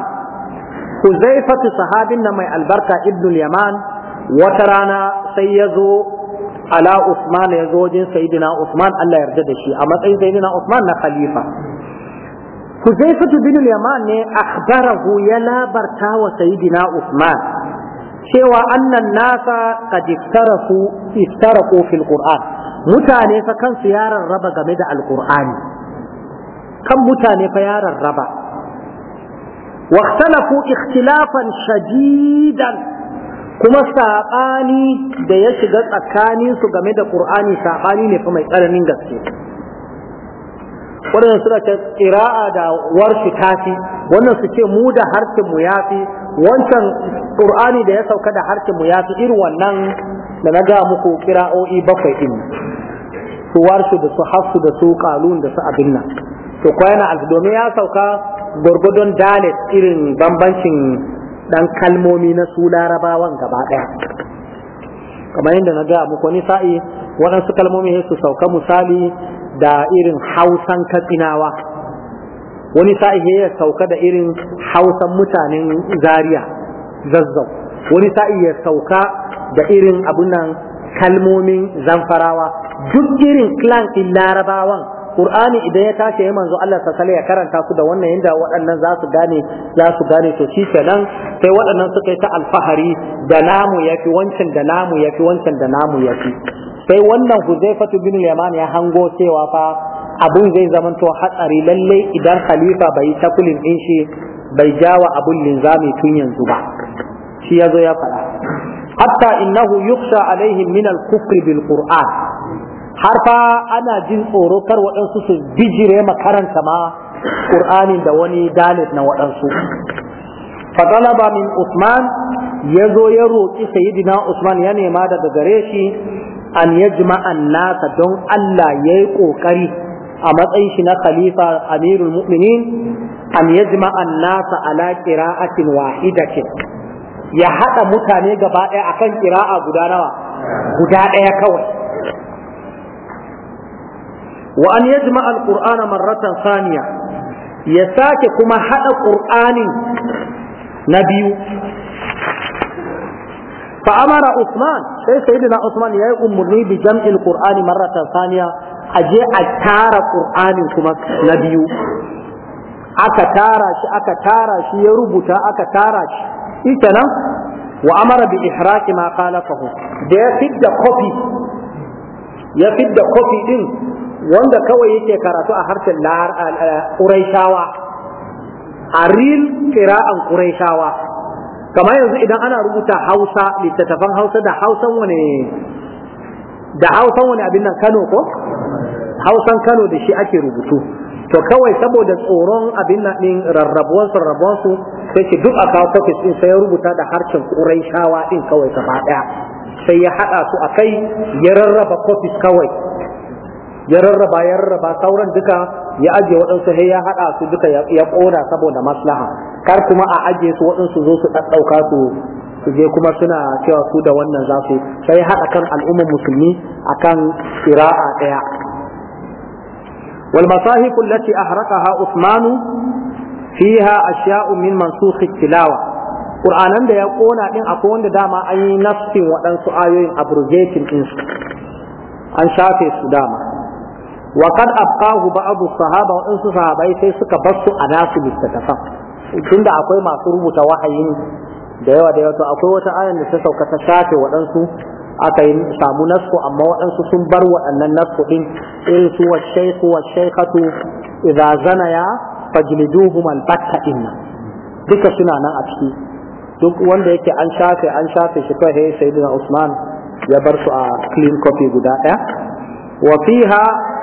huzaifa sahabin nan mai albarka ibnu al yaman wata rana sai yazo ala usman yazo jin sayyidina usman Allah yarda da shi a matsayin sayyidina usman na khalifa Huzaifa ibnu al Yaman ne akhbarahu ya labarta wa sayyidina Usman cewa annan nasa qad iftarafu iftaraku fil Qur'an mutane fa kansu ya rarraba game da alqur'ani kan mutane fa ya rarraba واختلفوا ikhtilafan shadidan. kuma saɓani da ya shiga tsakaninsu game da ƙur'ani saɓani ne fa mai tsananin gaske Wannan suna ce ƙira'a da warshi tafi wannan su ce mu da harshen mu yafi wancan ƙur'ani da ya sauka da harshen mu yafi irin wannan da na ga muku ƙira'o'i bakwai ɗin su warshi da su hafsu da su ƙalun da su abin nan to ko yana domin ya sauka gurgudun dalit irin bambancin dan kalmomi na su larabawan gaba daya kamar yadda na ga muku wani sa'i waɗansu kalmomi su sauka misali da irin hausan katsinawa wani sa'i ya sauka da irin hausan mutanen Zariya zazzau wani sa'i ya sauka da irin abunan kalmomin zamfarawa duk irin clan ɗin larabawan Qur'ani idan ya tashi ya manzo Allah sallallahu ya karanta su da wannan yanda waɗannan za su gane za su gane to shi kenan sai waɗannan suka yi ta alfahari da namu yafi wancan da namu yafi wancan da namu yafi sai wannan Huzaifatu bin Yaman ya hango cewa fa abun zai zamanto hatsari lalle idan khalifa bai takulin din shi bai jawa abun linzami tun yanzu ba shi yazo ya faɗa hatta innahu yukhsha alaihim min al-kufri bil Qur'an har fa ana jin tsoro kar waɗansu su bijire makaranta ma ƙur'anin da wani dalit na waɗansu fatalaba min usman ya zo ya roƙi sayidina usman ya nema daga gare shi an yajma nasa don allah ya yi ƙoƙari a matsayin shi na khalifa amirul mu'minin an yajma nasa ala qira'atin wahidatin ya haɗa mutane gaba ɗaya akan ƙira'a guda nawa guda ɗaya kawai وأن يجمع القرآن مرة ثانية يساك كما حد قرآن نبي فأمر عثمان إيه سيدنا عثمان يا أمني بجمع القرآن مرة ثانية أجي أتار قرآن كما نبي aka tara shi aka tara shi ya rubuta aka tara shi ikenan wa amara bi ihraqi ma qala fahu da ya fidda copy ya fidda copy din wanda kawai yake karatu a harshen ƙuraishawa a real kira'an ƙuraishawa kamar yanzu idan ana rubuta hausa littattafan hausa da hausan wani da hausan wani abin nan kano ko hausan kano da shi ake rubutu to kawai saboda tsoron abin nan din rarrabuwan su su sai ki duk a kawo tafis din sai ya rubuta da harshen ƙuraishawa din kawai gaba ɗaya sai ya haɗa su a kai ya rarraba kofis kawai ya rarraba ya rarraba sauran duka ya ajiye waɗansu sai ya haɗa su duka ya ƙona saboda maslaha kar kuma a ajiye su waɗansu zo su ɗaɗɗauka su su je kuma suna cewa su da wannan za su sai haɗa kan al'ummar musulmi akan qira'a ɗaya wal masahif allati ahraqaha Usmanu fiha a min mansukh tilawa Qur'anan da ya ƙona din akwai wanda dama an yi nafsin waɗansu ayoyin abrogating din an shafe su dama wa qad afqahu ba'd sahaba wa sahabai sai suka basu a nasu littattafan tunda akwai masu rubuta wahayin da yawa da yawa to akwai wata ayan da ta sauka ta shafe waɗansu aka yi samu nasu amma waɗansu sun bar waɗannan nasu ɗin irin su wa shaykhu wa shaykhatu idza zanaya fajliduhum albatta inna duka suna nan a ciki duk wanda yake an shafe an shafe shi kai hey sayyidina usman ya bar su a clean copy guda ɗaya Wafiha.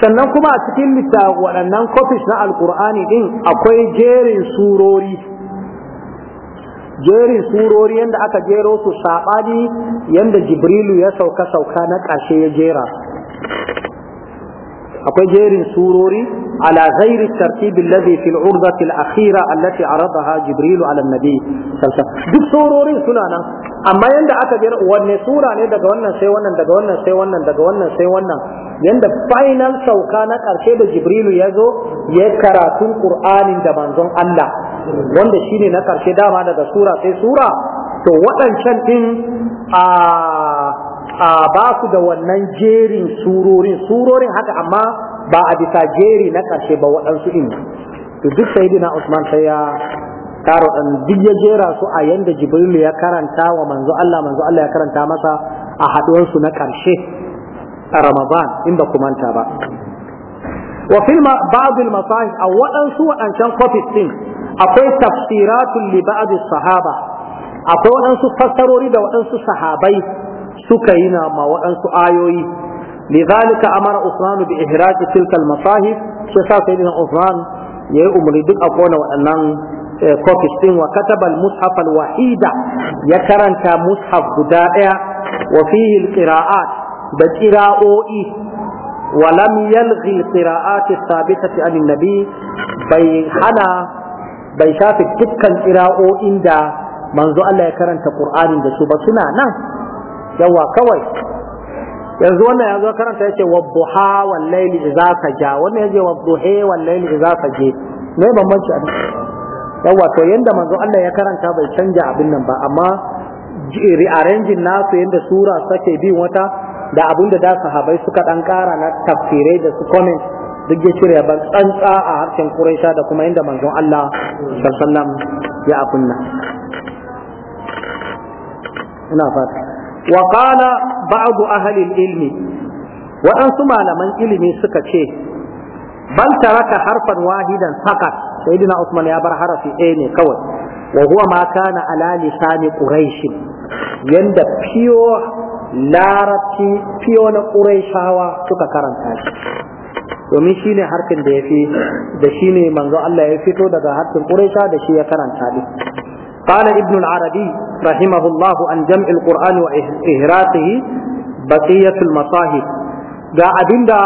sannan kuma a cikin lita waɗannan kofis na alkur'ani ɗin akwai jerin surori jerin surori yadda aka jero su saɓani yadda jibrilu ya sauka-sauka na ƙarshe ya jera akwai jerin surori ala ghairi tartibi alladhi fil urdati al akhira allati aradaha jibrilu ala nabi duk surorin suna nan amma yadda aka jera wanne sura ne daga wannan sai wannan daga wannan sai wannan daga wannan sai wannan yanda final sauka na ƙarshe da jibrilu ya zo ya karatun ƙur'anin da manzon Allah wanda shine na ƙarshe dama daga sura sai sura to waɗancan ɗin a a ba su da wannan jerin surorin surorin haka amma ba a bisa jeri na ƙarshe ba waɗansu ɗin to duk sayidina Usman sai ya taro ɗan duk ya jera su a yanda jibrilu ya karanta wa manzo Allah manzo Allah ya karanta masa a haɗuwarsu na ƙarshe a ramadan in ba ku manta ba wa fil ma ba'd al masahih aw wadan akwai tafsiratu li sahaba akwai wadan fassarori da wadan sahabai suka yi na ma wadan su ayoyi lidhalika amara usman bi ihraj tilka al masahih shi sa sayyidina usman ya yi umarni duk a kona waɗannan kofis eh, ɗin wa katabal mushaf wahida ya karanta mushaf guda ɗaya wa fihi da ƙira'o'i walam yalghi qira'ati sabitati an nabi bai hana bai shafi dukkan ƙira'o'in da manzo Allah ya karanta Qur'anin da su ba suna nan yawa kawai yanzu wannan yanzu karanta yace wadduha wal layli idza saja wannan yace wadduha wal layli idza saje ne bambanci a yawa to yanda manzo Allah ya karanta bai canja abin nan ba amma arrangin nasu yanda sura take bin wata da abun da da sahabai suka dan kara na tafsirai da su comment duk ya cire ban tsantsa a harshen Quraisha da kuma inda manzon Allah sallallahu ya akunna ina fata wa qala ba'd ahli ilmi waɗansu malaman ilimi suka ce bal taraka harfan wahidan sakat sayyidina Usman ya bar harafi ɗaya ne kawai wa huwa ma kana ala lisani quraish yanda fiyo larabci fiyo na ƙuraishawa suka karanta shi domin shi ne harfin da ya fi da shi ne manzo Allah ya fito daga harkin ƙuraisha da shi ya karanta ne قال ابن العربي رحمه الله عن جمع القرآن وإهراته بقية المصاحف ga abinda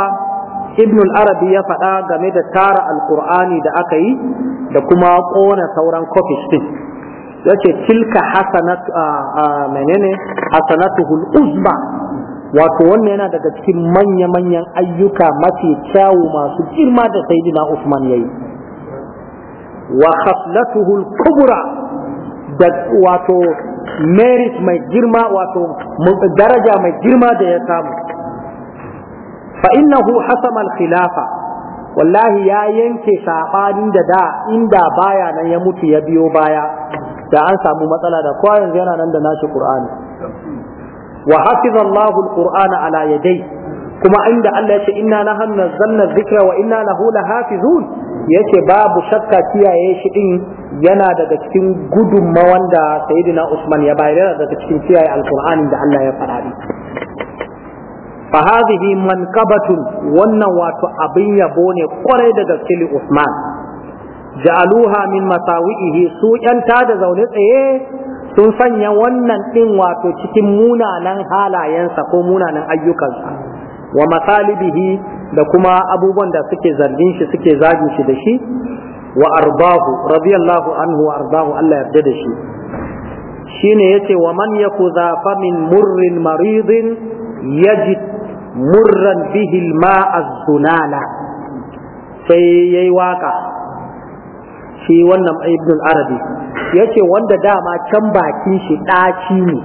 ibn arabi ya faɗa game da tara alkur'ani da aka yi da kuma ƙona sauran kofis din yace tilka hasanat menene uzma wato wannan yana daga cikin manya-manyan ayyuka mafi kyawu masu girma da sayyidina Usman ya yi? wa khaflatuhu kubra da wato merit mai girma wato daraja mai girma da ya samu fa innahu hasama al-khilafa wallahi ya yanke sabanin da da inda baya nan ya mutu ya biyo baya da an samu matsala da kowa yanzu yana nan da nashi qur'ani wa hafiza Allahu al-qur'ana ala yadai kuma inda Allah ya ce inna nahnu nazzalna dhikra wa inna lahu lahafizun yace babu shakka kiyaye shi din yana daga cikin gudunmawan da sayyidina Usman ya bayar yana daga cikin kiyaye alqur'anin da Allah ya faɗa din fa hadhihi manqabatun wannan wato abin yabo ne kwarai da gaske Usman ja'aluha min masawihi su yan da zaune tsaye sun sanya wannan din wato cikin munanan halayensa ko munanan ayyukansa wa masalibihi da kuma abubuwan da suke zargin shi suke zagin shi da shi wa arbahu radiyallahu anhu wa ardahu Allah yarda da shi shine yace wa man yakuza fa min murrin maridin yajid murran bihi al-ma'a sai yayi waka shi wannan ibn arabi yace wanda dama can bakin shi ɗaci ne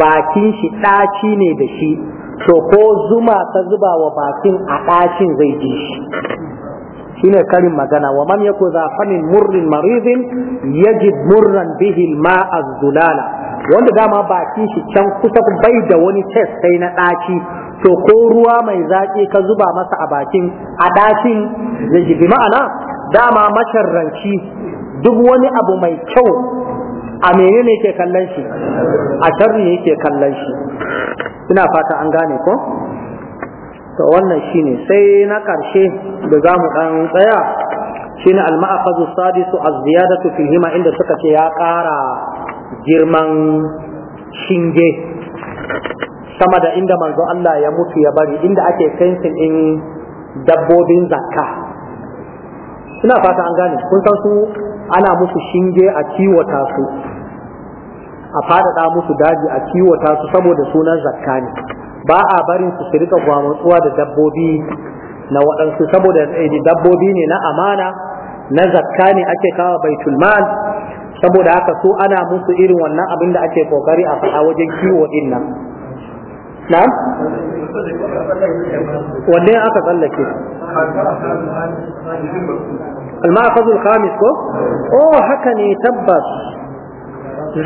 bakin shi ɗaci ne da shi to ko zuma ka zuba wa bakin a ɗacin zai ji shi shine karin magana wa man yako za fanin murrin maridin yajid murran bihi al zulala wanda dama bakin shi can kusa bai da wani test sai na ɗaci to ko ruwa mai zaƙi ka zuba masa a bakin a ɗacin zai ji bi ma'ana dama masharranci duk wani abu mai kyau a menene yake kallon shi a sharri yake kallon shi ina fata an gane ko to wannan shine sai na karshe da za mu dan tsaya shine al-ma'akhadhu sadisu az-ziyadatu fi hima inda suka ce ya ƙara girman shinge sama da inda manzo Allah ya mutu ya bari inda ake fencing in dabbobin zakka ina fata an gane kun san su ana musu shinge a kiwata su a faɗaɗa musu daji a kiwata su saboda sunan zakka ne ba a barin su su rika gwamutsuwa da dabbobi na waɗansu saboda eh, dabbobi ne na amana na zakka ake kawo baitul mal saboda haka su ana musu irin wannan abin da ake kokari a faɗa wajen kiwo din nan na'am wanne aka tsallake al-ma'khadh al-khamis ko oh haka ne tabbas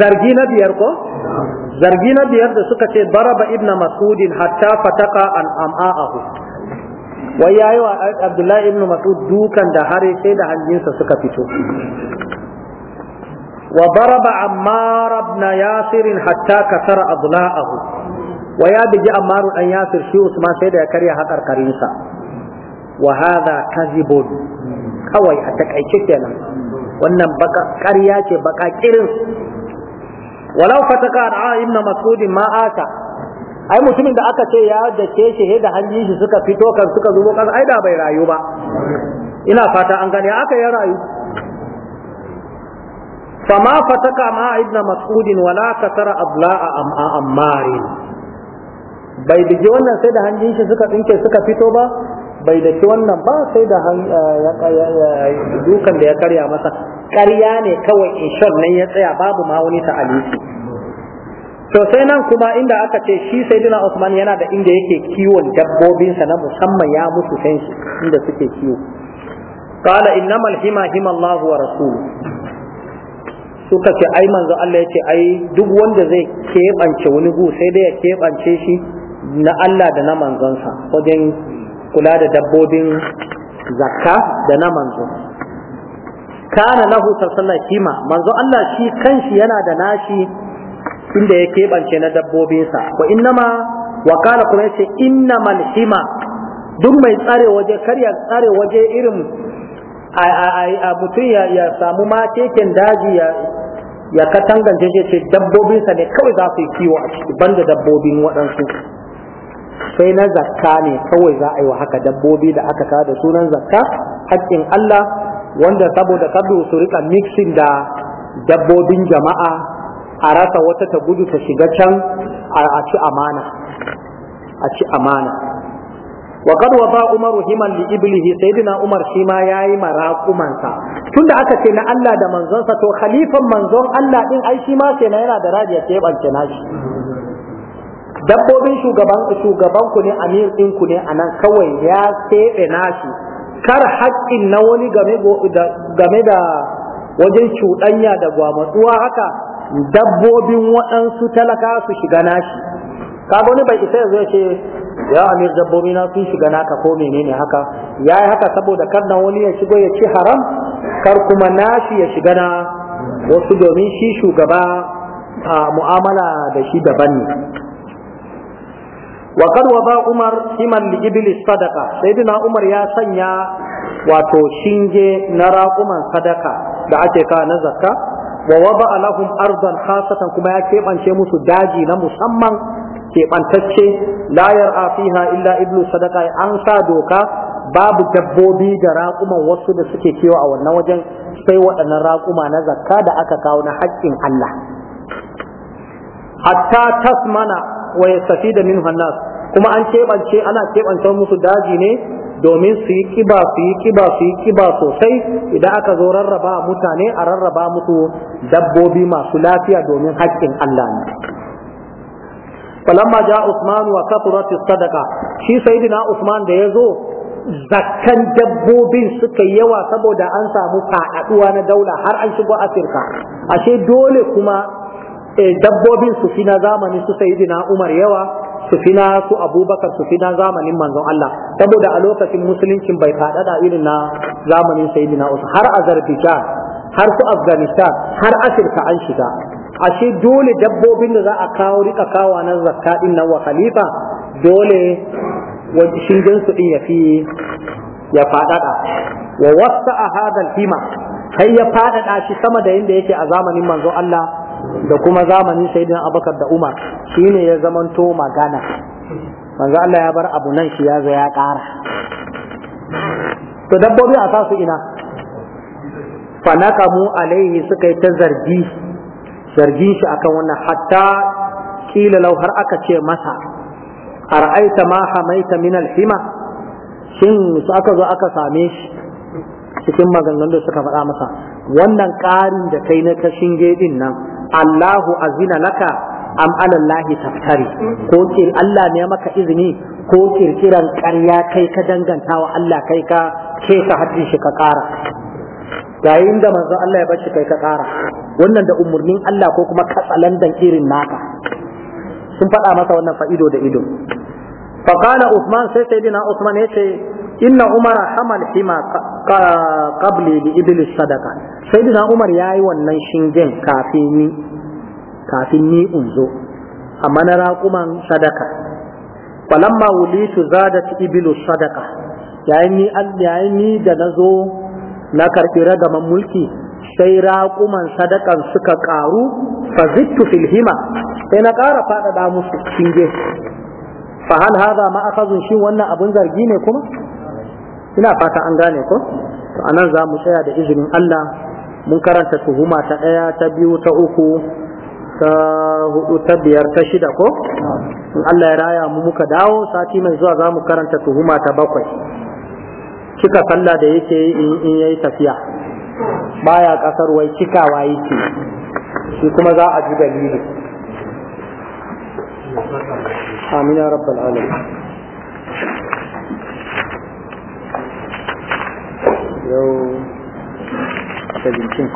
zargi na biyar ko zargi na biyar da suka ce baraba ibn mas'ud hatta fataqa an am'a'ahu wai yayi wa abdullahi ibn mas'ud dukan da hare sai da hanjinsa suka fito wa baraba ammar ibn yasir hatta kasara adla'ahu Waya ya biji ammaru dan yasir shi usman sai da ya karya haƙarƙarinsa wa hadha kazibun kawai a takaice kenan wannan baka ƙarya ce baka kirin walau fataka ra'a ibn mas'ud ma ata ai mutumin da aka ce ya da ke shi da hanji suka fito kan suka zubo kan ai da bai rayu ba ina fata an gane aka ya rayu fama fataka ma ibn wala kasara abla'a am bai bige wannan sai da hanjin shi suka tsinke suka fito ba bai daki wannan ba sai da dukan da ya karya masa karya ne kawai inshon nan ya tsaya babu ma wani ta'aliki to sai nan kuma inda aka ce shi sai dina Usman yana da inda yake kiwon dabbobinsa na musamman ya musu kan shi inda suke kiwo qala innamal hima hima Allah wa rasul suka ce ai manzo Allah yace ai duk wanda zai kebance wani gu sai dai ya keɓance shi na Allah da na manzonsa wajen kula da dabbobin zakka da na manzo kana hutar suna kima manzo Allah shi kanshi yana da nashi inda ya keɓance na dabbobinsa wa innama wa kana kuma yace innamal hima duk mai tsare waje karya tsare waje irin a mutum ya samu ma keken daji ya ya katangance ce dabbobinsa ne kawai za su yi kiwo a cikin banda dabbobin waɗansu sai na zakka ne kawai za a yi wa haka dabbobi da aka kawo da sunan zakka haƙƙin Allah wanda saboda kaddu su rika mixing da dabbobin jama'a a rasa wata ta gudu ta shiga can a ci amana a ci amana wa qad umar himan li iblihi sayyidina umar shi ma yayi sa tunda aka ce na Allah da manzonsa to khalifan manzon Allah din ai shi ma kenan yana da radiya ke bance nashi dabbobin shugaban shugaban ku ne amir din ku ne anan kawai ya sebe nashi kar haƙƙin na wani game da wajen cuɗanya da gwamatsuwa haka dabbobin waɗansu talaka su shiga nashi kaga wani bai isa ya ce ya amir dabbobi na sun shiga naka ko menene haka ya yi haka saboda kar na wani ya shigo ya ci haram kar kuma nashi ya shiga na wasu domin shi shugaba a mu'amala da shi daban ne wa kad umar iman li iblis sadaqa sayyidina umar ya sanya wato shinge na raƙuman sadaka da ake kawo na zakka wa waba lahum ardan khasatan kuma ya keɓance musu daji na musamman kebantacce la yar'a fiha illa iblis sadaqa an sa doka babu dabbobi da raƙuman wasu da suke kewa a wannan wajen sai waɗannan raƙuma na zakka da aka kawo na haƙƙin Allah hatta tasmana wa yastafida da an-nas kuma an keɓance ana keɓance musu daji ne domin su yi kiba su yi kiba su yi kiba sosai idan aka zo rarraba mutane a rarraba musu dabbobi masu lafiya domin haƙƙin Allah ne falamma ja Usman wa kasurat sadaka, shi sayyidina Usman da ya zo, zakkan dabbobin suka yawa saboda an samu faɗaɗuwa na daula har an shigo Afirka ashe dole kuma Eh, dabbobin su fi na zamanin su saidina Umar yawa su fi na su Abubakar su fi na zamanin manzon Allah saboda a lokacin musuluncin bai faɗaɗa irin na zamanin saidina Usman har Azerbaijan har su Afghanistan har Afirka an shiga ashe dole dabbobin da za a kawo rika kawa na zakka din nan wa khalifa dole wajen shingen su din ya fi ya faɗaɗa wa wasa a hadal hima kai ya faɗaɗa shi sama da yadda yake a zamanin manzon Allah da kuma zamanin shaidin abakar da umar shi ne ya zamanto magana manzo Allah ya bar abu nan shi ya zo ya ƙara to dabbobi a sa su ina fanakamu alaihi suka yi ta zargi zargin shi akan wannan hatta kila lau har aka ce masa ara'aita ma hamaita min alhima shin su aka zo aka same shi cikin maganganun da suka faɗa masa wannan ƙarin da kai na kashin gedin nan Allahu azina naka am alallahi taftari ko ce Allah ne maka izini ko kirkiran karya kai ka dangantawa wa Allah kai ka ke ka haddin shi ka ƙara yayin da manzo Allah ya bar shi kai ka ƙara wannan da umurnin Allah ko kuma katsalandan irin naka sun faɗa masa wannan fa'ido da ido Usman فقال عثمان سيدنا عثمان يتي inna umara hamal hima qabli bi ibli sadaka sai da umar yayi wannan shingen kafin ni kafin ni unzo amma na raquman sadaka falamma wulitu zadat iblis sadaka yayin ni yayin ni da nazo na karbi ragaman mulki sai raquman sadakan suka karu fa zittu fil hima sai na kara fada musu shinge fa hal hada ma akhadhu shi wannan abun zargi ne kuma ina fata an gane ko to anan za mu tsaya da izinin Allah mun karanta tuhuma ta ɗaya ta biyu ta uku ta hudu ta biyar ta shida ko in Allah ya raya mu muka dawo sati mai zuwa za mu karanta tuhuma ta bakwai Kika sallah da yake in yayi tafiya baya kasar wai kika cikawa ki? shi kuma za a ji dalili Amina يا رب yau